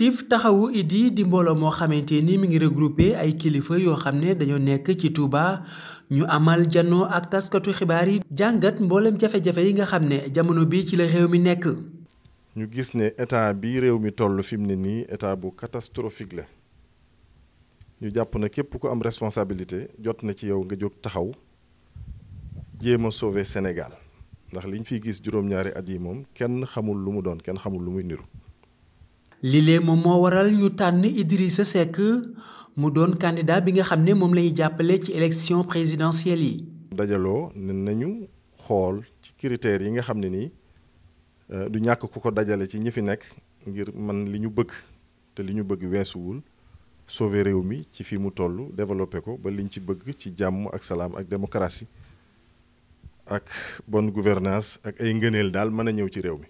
collectif taxawu Idy di mbooloo moo xamante ni mu ngi regroupé ay kilifa yoo xam ne dañoo nekk ci Touba ñu amal janoo ak taskatu xibaar yi jàngat mbooleem jafe-jafe yi nga xam ne jamono bi ci la réew mi nekk. ñu gis ne état bi réew mi toll fi mu ne nii état bu catastrophique la ñu jàpp na képp ku am responsabilité jot na ci yow nga jóg taxaw jéem a sauver Sénégal ndax li ñu fiy gis juróom-ñaari at yi moom kenn xamul lu mu doon kenn xamul lu muy niru. lile moom moo waral ñu tànn Idrissa Seck mu doon candidat bi nga xam ne moom lañuy jàppale ci élection présidentielle yi. dajaloo ne nañu xool ci critères yi nga xam ne nii euh, du ñàkk ku ko dajale ci ñi fi nekk ngir man li ñu bëgg te li ñu bëgg weesuwul sauver réew mi ci fi mu toll développé ko ba liñ ci bëgg ci jàmm ak salaam ak démocratie ak bon gouvernance ak ay ngëneel daal mën a ñëw ci réew mi.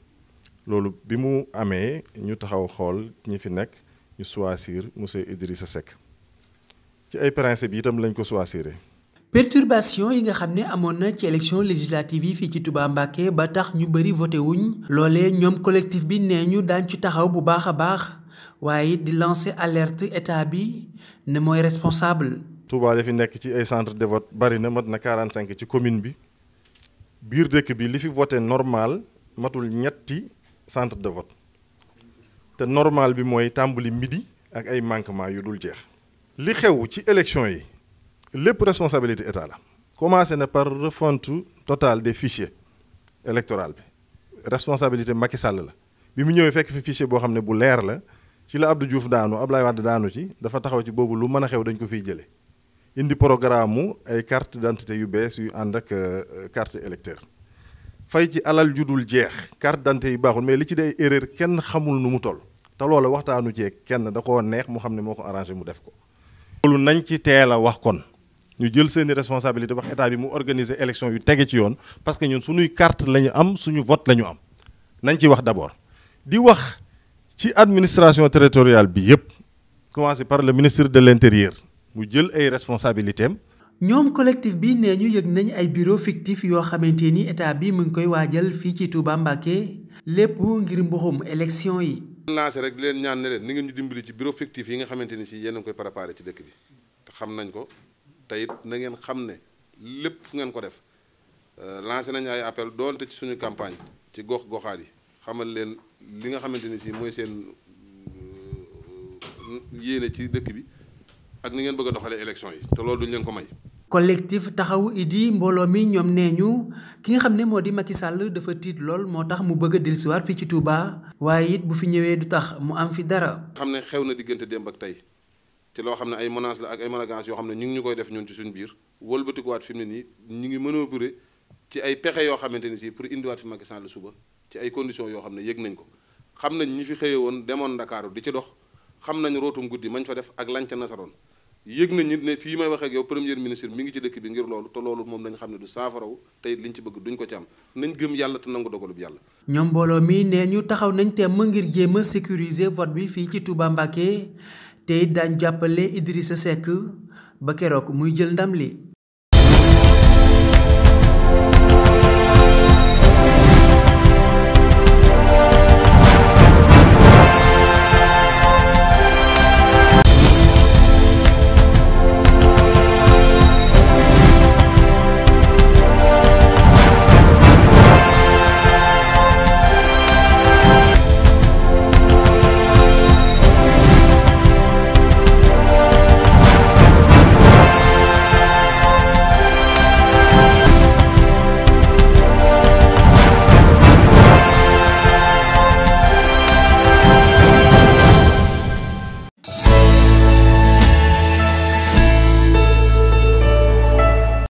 loolu bi mu amee ñu taxaw xool ñi fi nekk ñu choisir monsieur Idrissa Seck ci ay principe itam lañ ko choisiré. perturbation yi nga xam ne amoon na ci élection législative yi fii ci Touba Mbacké ba tax ñu bëri voté wuñ loolee ñoom collective bi nee ñu daan ci taxaw bu baax a baax waaye di lancer alerte état bi ne mooy responsable. Touba li fi nekk ci ay centre de vote bari na mat na 45 ci commune bi biir dëkk bi li fi voté normal matul ñetti. centre de vote te normal bi mooy tàmbali midi ak ay manquement yu dul jeex li xew ci élection yi lépp responsabilité état la commencé na par refonte totale de fichiers électoraux bi responsabilité Macky Sall la bi mu ñëwee fekk fi fichier boo xam ne bu leer la ci la Abdou Diouf daanu Abdoulaye Wade daanu ci dafa taxaw ci boobu lu mën a xew dañ ko fiy jëlee indi programme mu ay carte d'identité yu bees yu ànd ak euh, carte électeur fay ci alal ju dul jeex carte d'identité yi baaxul mais li ci day erreur kenn xamul nu mu toll te loola waxtaanu cee kenn da koo neex mu xam ne moo ko arrangé mu def ko. loolu nañ ci teel a wax kon ñu jël seeni responsabilité wax état bi mu organiser élection yu tege ci yoon parce que ñun suñuy carte la ñu am suñu vote la am nañ ci wax d'abord di wax ci administration territoriale bi yépp commencé par le ministre de l'intérieur mu jël ay responsabilités am ñoom collectif bi nee ñu yëg nañ ay bureau fictif yoo xamante ni état bi mu ngi koy waajal fii ci Touba Mbacké lépp ngir mbuxum élection yi. lancé rek leen ñaan ne leen ni ngeen ñu dimbali ci bureau fictif yi nga xamante ni si yéen koy préparé ci dëkk bi te xam nañ ko te it xam ne lépp fu ngeen ko def euh, lancé nañ ay appel doonte ci suñu campagne ci gox goxaat yi xamal leen li nga xamante ni si mooy seen euh, yéene ci dëkk bi ak ni ngeen bëgg a doxalee élection yi te loolu duñ leen ko may. collectif taxawu Idy mbooloo mi ñoom nee ñu ki nga xam ne moo di Macky Sall dafa tiit lool moo tax mu bëgg a dellusiwaat fii ci Touba. waaye it bu fi ñëwee du tax mu am fi dara. xam ne xew na diggante démb ak tey te loo xam ne ay menaces la ak ay menaces yoo xam ne ñu ngi ñu koy def ñun ci suñu biir wëlbatikuwaat fi ne nii ñu ngi mënoo bëre ci ay pexe yoo xamante ni si pour indiwaat fi Macky Sall suba ci ay conditions yoo xam ne yëg nañ ko xam nañ ñi fi xëye woon demoon Ndakaaru di ci dox xam nañ rootum guddi mañ fa def ak lañ ca nasaroon yëg nañu ne fii may wax ak yow premier ministre mi ngi ci dëkk bi ngir loolu te loolu moom nañ xam ne du saafaraw tey liñ ci bëgg duñ ko ci am nañ gëm yàlla te nangu dogalub yàlla. ñoom mbooloo mi nee ñu taxaw nañ temm ngir jéem a sécuriser vote bi fii ci Touba tey te daañu jàppale Idrissa Seck ba keroog muy jël ndam li.